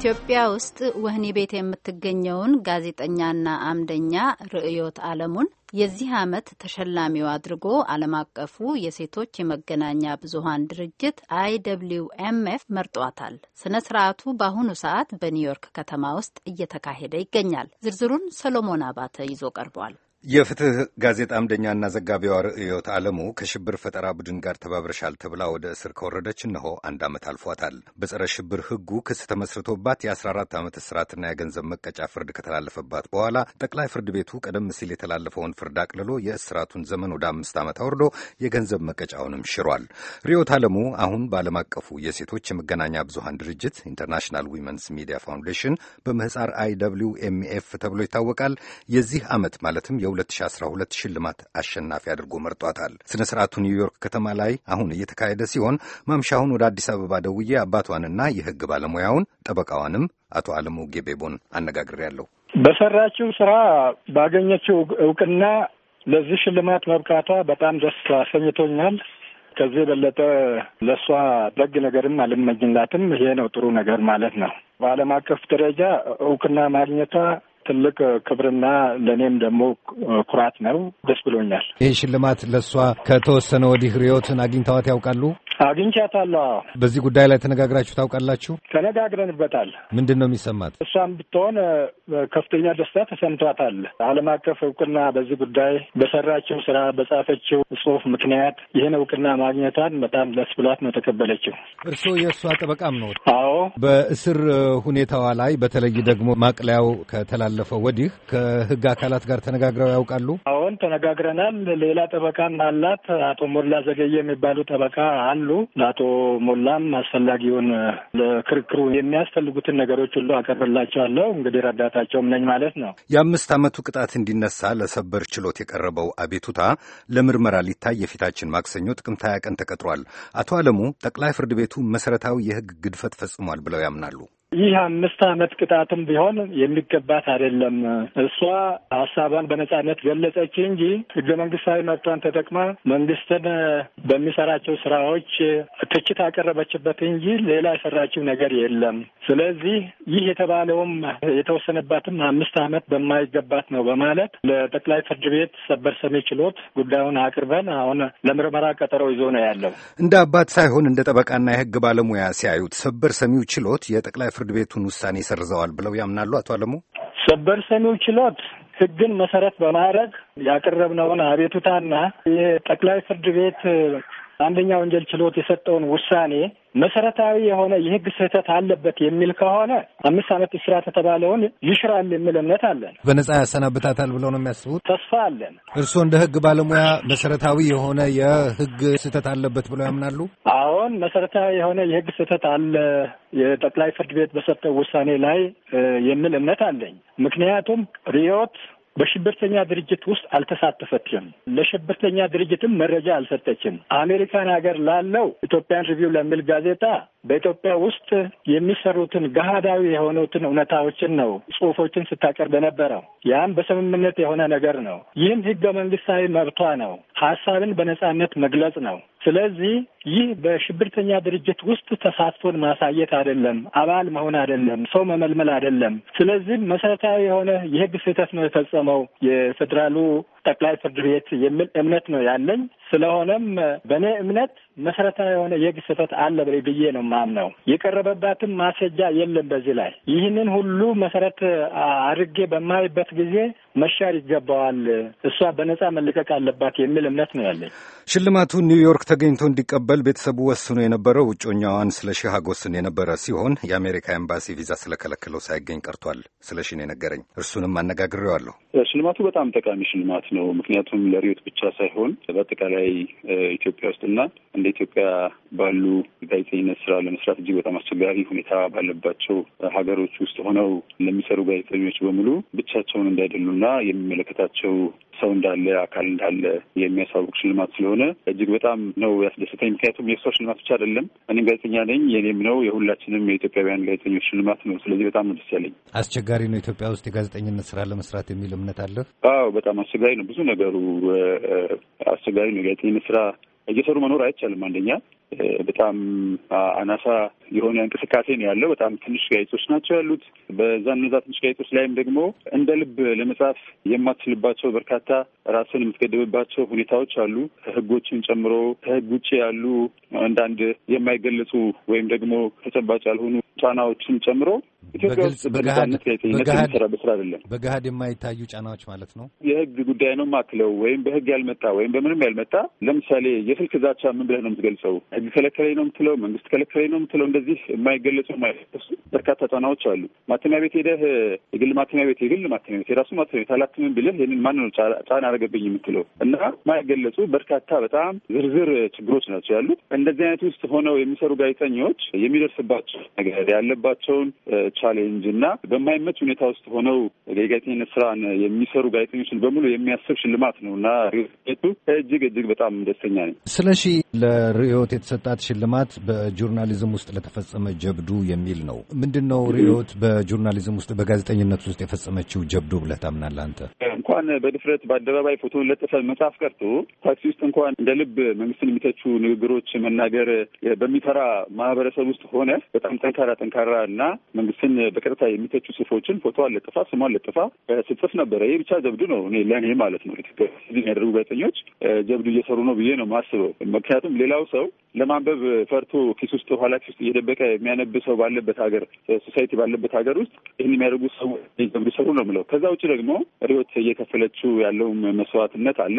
ኢትዮጵያ ውስጥ ወህኒ ቤት የምትገኘውን ጋዜጠኛና አምደኛ ርዕዮት አለሙን የዚህ ዓመት ተሸላሚው አድርጎ ዓለም አቀፉ የሴቶች የመገናኛ ብዙኃን ድርጅት አይ ደብልዩ ኤም ኤፍ መርጧታል። ስነ ስርዓቱ በአሁኑ ሰዓት በኒውዮርክ ከተማ ውስጥ እየተካሄደ ይገኛል። ዝርዝሩን ሰሎሞን አባተ ይዞ ቀርቧል። የፍትህ ጋዜጣ አምደኛና ዘጋቢዋ ርዕዮት ዓለሙ ከሽብር ፈጠራ ቡድን ጋር ተባብረሻል ተብላ ወደ እስር ከወረደች እነሆ አንድ ዓመት አልፏታል። በጸረ ሽብር ሕጉ ክስ ተመስርቶባት የ14 ዓመት እስራትና የገንዘብ መቀጫ ፍርድ ከተላለፈባት በኋላ ጠቅላይ ፍርድ ቤቱ ቀደም ሲል የተላለፈውን ፍርድ አቅልሎ የእስራቱን ዘመን ወደ አምስት ዓመት አውርዶ የገንዘብ መቀጫውንም ሽሯል። ርዕዮት ዓለሙ አሁን በዓለም አቀፉ የሴቶች የመገናኛ ብዙሃን ድርጅት ኢንተርናሽናል ዊመንስ ሚዲያ ፋውንዴሽን በምህፃር አይ ደብሊው ኤም ኤፍ ተብሎ ይታወቃል የዚህ ዓመት ማለትም 2012 ሽልማት አሸናፊ አድርጎ መርጧታል። ስነ ስርዓቱ ኒውዮርክ ከተማ ላይ አሁን እየተካሄደ ሲሆን ማምሻውን ወደ አዲስ አበባ ደውዬ አባቷንና የህግ ባለሙያውን ጠበቃዋንም አቶ አለሙ ጌቤቦን አነጋግሬያለሁ። በሰራችው ስራ ባገኘችው እውቅና ለዚህ ሽልማት መብቃቷ በጣም ደስ አሰኝቶኛል። ከዚህ የበለጠ ለእሷ ደግ ነገርም አልመኝላትም። ይሄ ነው ጥሩ ነገር ማለት ነው። በዓለም አቀፍ ደረጃ እውቅና ማግኘቷ ትልቅ ክብርና ለእኔም ደግሞ ኩራት ነው። ደስ ብሎኛል። ይህ ሽልማት ለእሷ ከተወሰነ ወዲህ ሪዮትን አግኝተዋት ያውቃሉ? አግኝቻታለሁ። በዚህ ጉዳይ ላይ ተነጋግራችሁ ታውቃላችሁ? ተነጋግረንበታል። ምንድን ነው የሚሰማት? እሷም ብትሆን ከፍተኛ ደስታ ተሰምቷታል። ዓለም አቀፍ እውቅና በዚህ ጉዳይ በሰራችው ስራ በጻፈችው ጽሁፍ ምክንያት ይህን እውቅና ማግኘቷን በጣም ደስ ብሏት ነው ተቀበለችው። እርስዎ የእሷ ጠበቃም ነው? አዎ። በእስር ሁኔታዋ ላይ በተለይ ደግሞ ማቅለያው ከተላለፈው ወዲህ ከህግ አካላት ጋር ተነጋግረው ያውቃሉ? አዎ አሁን ተነጋግረናል። ሌላ ጠበቃም አላት። አቶ ሞላ ዘገየ የሚባሉ ጠበቃ አሉ። ለአቶ ሞላም አስፈላጊውን ለክርክሩ የሚያስፈልጉትን ነገሮች ሁሉ አቀርብላቸዋለሁ። እንግዲህ ረዳታቸውም ነኝ ማለት ነው። የአምስት ዓመቱ ቅጣት እንዲነሳ ለሰበር ችሎት የቀረበው አቤቱታ ለምርመራ ሊታይ የፊታችን ማክሰኞ ጥቅምት ሃያ ቀን ተቀጥሯል። አቶ አለሙ ጠቅላይ ፍርድ ቤቱ መሰረታዊ የህግ ግድፈት ፈጽሟል ብለው ያምናሉ። ይህ አምስት ዓመት ቅጣትም ቢሆን የሚገባት አይደለም። እሷ ሀሳቧን በነጻነት ገለጸች እንጂ ህገ መንግስታዊ መብቷን ተጠቅማ መንግስትን በሚሰራቸው ስራዎች ትችት አቀረበችበት እንጂ ሌላ የሰራችው ነገር የለም። ስለዚህ ይህ የተባለውም የተወሰነባትም አምስት ዓመት በማይገባት ነው በማለት ለጠቅላይ ፍርድ ቤት ሰበር ሰሚ ችሎት ጉዳዩን አቅርበን አሁን ለምርመራ ቀጠሮ ይዞ ነው ያለው። እንደ አባት ሳይሆን እንደ ጠበቃና የህግ ባለሙያ ሲያዩት ሰበር ሰሚው ችሎት የጠቅላይ የፍርድ ቤቱን ውሳኔ ሰርዘዋል ብለው ያምናሉ አቶ አለሙ? ሰበር ሰሚው ችሎት ህግን መሰረት በማድረግ ያቀረብነውን አቤቱታና የጠቅላይ ፍርድ ቤት አንደኛ ወንጀል ችሎት የሰጠውን ውሳኔ መሰረታዊ የሆነ የህግ ስህተት አለበት የሚል ከሆነ አምስት ዓመት እስራት የተባለውን ይሽራል የሚል እምነት አለን። በነጻ ያሰናብታታል ብለው ነው የሚያስቡት? ተስፋ አለን። እርስዎ እንደ ህግ ባለሙያ መሰረታዊ የሆነ የህግ ስህተት አለበት ብለው ያምናሉ? አሁን መሰረታዊ የሆነ የህግ ስህተት አለ የጠቅላይ ፍርድ ቤት በሰጠው ውሳኔ ላይ የሚል እምነት አለኝ። ምክንያቱም ሪዮት በሽብርተኛ ድርጅት ውስጥ አልተሳተፈችም። ለሽብርተኛ ድርጅትም መረጃ አልሰጠችም። አሜሪካን ሀገር ላለው ኢትዮጵያን ሪቪው ለሚል ጋዜጣ በኢትዮጵያ ውስጥ የሚሰሩትን ገሃዳዊ የሆኑትን እውነታዎችን ነው ጽሁፎችን ስታቀርብ የነበረው። ያም በስምምነት የሆነ ነገር ነው። ይህም ህገ መንግስታዊ መብቷ ነው። ሀሳብን በነጻነት መግለጽ ነው። ስለዚህ ይህ በሽብርተኛ ድርጅት ውስጥ ተሳትፎን ማሳየት አይደለም፣ አባል መሆን አይደለም፣ ሰው መመልመል አይደለም። ስለዚህ መሰረታዊ የሆነ የህግ ስህተት ነው የፈጸመው የፌዴራሉ ጠቅላይ ፍርድ ቤት የሚል እምነት ነው ያለኝ። ስለሆነም በእኔ እምነት መሰረታዊ የሆነ የህግ ስህተት አለ ብዬ ነው የማምነው። የቀረበባትም ማስረጃ የለም። በዚህ ላይ ይህንን ሁሉ መሰረት አድርጌ በማይበት ጊዜ መሻር ይገባዋል፣ እሷ በነጻ መለቀቅ አለባት የሚል እምነት ነው ያለኝ። ሽልማቱ ኒውዮርክ ተገኝቶ እንዲቀበል ለመቀበል ቤተሰቡ ወስኖ የነበረው እጮኛዋን ስለሺ ሀጎስን የነበረ ሲሆን የአሜሪካ ኤምባሲ ቪዛ ስለከለከለው ሳይገኝ ቀርቷል። ስለሺን የነገረኝ እርሱንም አነጋግሬዋለሁ። ሽልማቱ በጣም ጠቃሚ ሽልማት ነው። ምክንያቱም ለሪዮት ብቻ ሳይሆን በአጠቃላይ ኢትዮጵያ ውስጥና እንደ ኢትዮጵያ ባሉ ጋዜጠኝነት ስራ ለመስራት እጅግ በጣም አስቸጋሪ ሁኔታ ባለባቸው ሀገሮች ውስጥ ሆነው ለሚሰሩ ጋዜጠኞች በሙሉ ብቻቸውን እንዳይደሉና የሚመለከታቸው ሰው እንዳለ አካል እንዳለ የሚያሳውቅ ሽልማት ስለሆነ እጅግ በጣም ነው ያስደሰተኝ። ምክንያቱም የሰው ሽልማት ብቻ አይደለም፣ እኔም ጋዜጠኛ ነኝ፣ የኔም ነው፣ የሁላችንም የኢትዮጵያውያን ጋዜጠኞች ሽልማት ነው። ስለዚህ በጣም ነው ደስ ያለኝ። አስቸጋሪ ነው ኢትዮጵያ ውስጥ የጋዜጠኝነት ስራ ለመስራት የሚል እምነት አለ? አዎ በጣም አስቸጋሪ ነው። ብዙ ነገሩ አስቸጋሪ ነው። የጋዜጠኝነት ስራ እየሰሩ መኖር አይቻልም። አንደኛ በጣም አናሳ የሆነ እንቅስቃሴ ነው ያለው። በጣም ትንሽ ጋዜጦች ናቸው ያሉት። በዛ እነዛ ትንሽ ጋዜጦች ላይም ደግሞ እንደ ልብ ለመጻፍ የማትችልባቸው በርካታ ራስን የምትገድብባቸው ሁኔታዎች አሉ። ህጎችን ጨምሮ ከህግ ውጭ ያሉ አንዳንድ የማይገለጹ ወይም ደግሞ ተጨባጭ ያልሆኑ ጫናዎችን ጨምሮ ኢትዮጵያ ውስጥ በነጻነት ጋዜጠኝነት አይደለም። በገሀድ የማይታዩ ጫናዎች ማለት ነው። የህግ ጉዳይ ነው ማክለው ወይም በህግ ያልመጣ ወይም በምንም ያልመጣ ለምሳሌ የስልክ ዛቻ ምን ብለህ ነው የምትገልጸው? ህግ ከለከለኝ ነው የምትለው? መንግስት ከለከለኝ ነው የምትለው? እንደዚህ የማይገለጹ የማይፈሱ በርካታ ጫናዎች አሉ። ማተሚያ ቤት ሄደህ የግል ማተሚያ ቤት የግል ማተሚያ ቤት የራሱ ማተሚያ ቤት አላትምም ብልህ ይህንን ማን ነው ጫና ያደረገብኝ የምትለው? እና የማይገለጹ በርካታ በጣም ዝርዝር ችግሮች ናቸው ያሉት። እንደዚህ አይነት ውስጥ ሆነው የሚሰሩ ጋዜጠኞች የሚደርስባቸው ነገር ያለባቸውን ቻሌንጅ እና በማይመች ሁኔታ ውስጥ ሆነው የጋዜጠኝነት ስራን የሚሰሩ ጋዜጠኞችን በሙሉ የሚያስብ ሽልማት ነው እና ቱ እጅግ እጅግ በጣም ደስተኛ ነኝ። ስለሺ ለርዕዮት የተሰጣት ሽልማት በጆርናሊዝም ውስጥ ለተፈጸመ ጀብዱ የሚል ነው። ምንድን ነው ርዕዮት በጆርናሊዝም ውስጥ በጋዜጠኝነት ውስጥ የፈጸመችው ጀብዱ ብለህ ታምናለህ አንተ? እንኳን በድፍረት በአደባባይ ፎቶን ለጥፈ መጽሐፍ ቀርቶ ታክሲ ውስጥ እንኳን እንደ ልብ መንግስትን የሚተቹ ንግግሮች መናገር በሚፈራ ማህበረሰብ ውስጥ ሆነ በጣም ጠንካራ ጠንካራ እና መንግስት መንግስትን በቀጥታ የሚተቹ ጽሁፎችን ፎቶ አለጥፋ ስሟን አለጥፋ ስጽፍ ነበረ። ይህ ብቻ ዘብዱ ነው እኔ ለእኔ ማለት ነው። ኢትዮጵያ ያደረጉ ጋዜጠኞች ዘብዱ እየሰሩ ነው ብዬ ነው ማስበው። ምክንያቱም ሌላው ሰው ለማንበብ ፈርቶ ኪስ ውስጥ ኋላ ኪስ ውስጥ እየደበቀ የሚያነብ ሰው ባለበት ሀገር ሶሳይቲ ባለበት ሀገር ውስጥ ይህን የሚያደርጉ ሰው ዘብዱ ሰሩ ነው ምለው። ከዛ ውጭ ደግሞ ሪዮት እየከፈለችው ያለውም መስዋዕትነት አለ።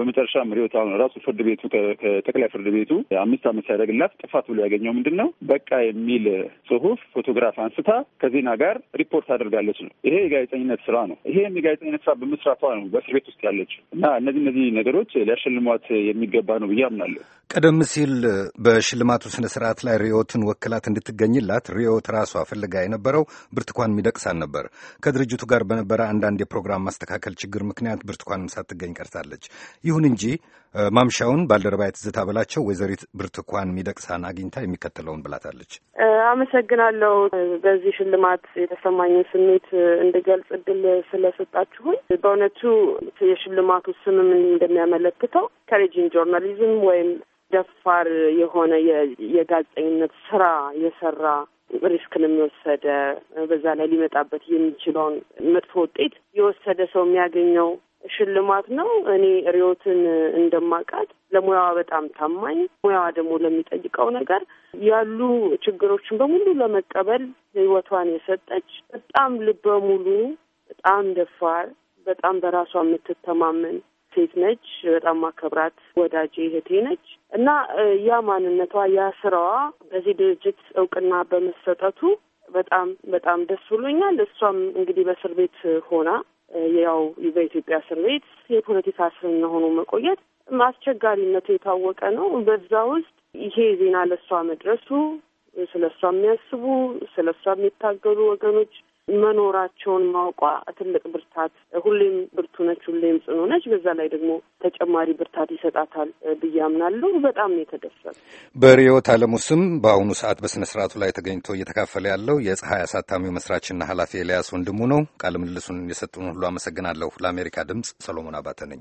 በመጨረሻም ሪዮት አሁን ራሱ ፍርድ ቤቱ ከጠቅላይ ፍርድ ቤቱ አምስት አመት ሲያደርግላት ጥፋት ብሎ ያገኘው ምንድን ነው በቃ የሚል ጽሁፍ ፎቶግራፍ አንስታ ከዜና ጋር ሪፖርት አድርጋለች ነው። ይሄ የጋዜጠኝነት ስራ ነው። ይሄም የጋዜጠኝነት ስራ በመስራቷ ነው በእስር ቤት ውስጥ ያለች እና እነዚህ እነዚህ ነገሮች ሊያሸልሟት የሚገባ ነው ብዬ አምናለሁ። ቀደም ሲል በሽልማቱ ስነ ስርዓት ላይ ሪዮትን ወክላት እንድትገኝላት ሪዮት ራሷ ፈልጋ የነበረው ብርትኳን ሚደቅሳን ነበር። ከድርጅቱ ጋር በነበረ አንዳንድ የፕሮግራም ማስተካከል ችግር ምክንያት ብርቱካንም ሳትገኝ ቀርታለች። ይሁን እንጂ ማምሻውን ባልደረባ የትዝታ በላቸው ወይዘሪት ብርትኳን ሚደቅሳን አግኝታ የሚከተለውን ብላታለች። አመሰግናለሁ። በዚህ ሽልማት የተሰማኝን ስሜት እንድገልጽ እድል ስለሰጣችሁኝ። በእውነቱ የሽልማቱ ስምም እንደሚያመለክተው ከሬጂን ጆርናሊዝም ወይም ደፋር የሆነ የጋዜጠኝነት ስራ የሰራ ሪስክንም የወሰደ በዛ ላይ ሊመጣበት የሚችለውን መጥፎ ውጤት የወሰደ ሰው የሚያገኘው ሽልማት ነው። እኔ ሪዮትን እንደማቃት ለሙያዋ በጣም ታማኝ፣ ሙያዋ ደግሞ ለሚጠይቀው ነገር ያሉ ችግሮችን በሙሉ ለመቀበል ህይወቷን የሰጠች በጣም ልበ ሙሉ፣ በጣም ደፋር፣ በጣም በራሷ የምትተማመን ሴት ነች። በጣም ማከብራት ወዳጄ እህቴ ነች እና ያ ማንነቷ ያ ስራዋ በዚህ ድርጅት እውቅና በመሰጠቱ በጣም በጣም ደስ ብሎኛል። እሷም እንግዲህ በእስር ቤት ሆና ያው በኢትዮጵያ እስር ቤት የፖለቲካ እስረኛ ሆኖ መቆየት አስቸጋሪነቱ የታወቀ ነው። በዛ ውስጥ ይሄ ዜና ለእሷ መድረሱ ስለ እሷ የሚያስቡ ስለ እሷ የሚታገሉ ወገኖች መኖራቸውን ማውቋ ትልቅ ብርታት፣ ሁሌም ብርቱ ነች፣ ሁሌም ጽኑ ነች። በዛ ላይ ደግሞ ተጨማሪ ብርታት ይሰጣታል ብዬ አምናለሁ። በጣም ነው የተደሰት በርዕዮት ዓለሙ ስም በአሁኑ ሰዓት በስነ ስርዓቱ ላይ ተገኝቶ እየተካፈለ ያለው የፀሐይ አሳታሚው መስራችና ኃላፊ ኤልያስ ወንድሙ ነው። ቃለ ምልልሱን የሰጡን ሁሉ አመሰግናለሁ። ለአሜሪካ ድምፅ ሰሎሞን አባተ ነኝ።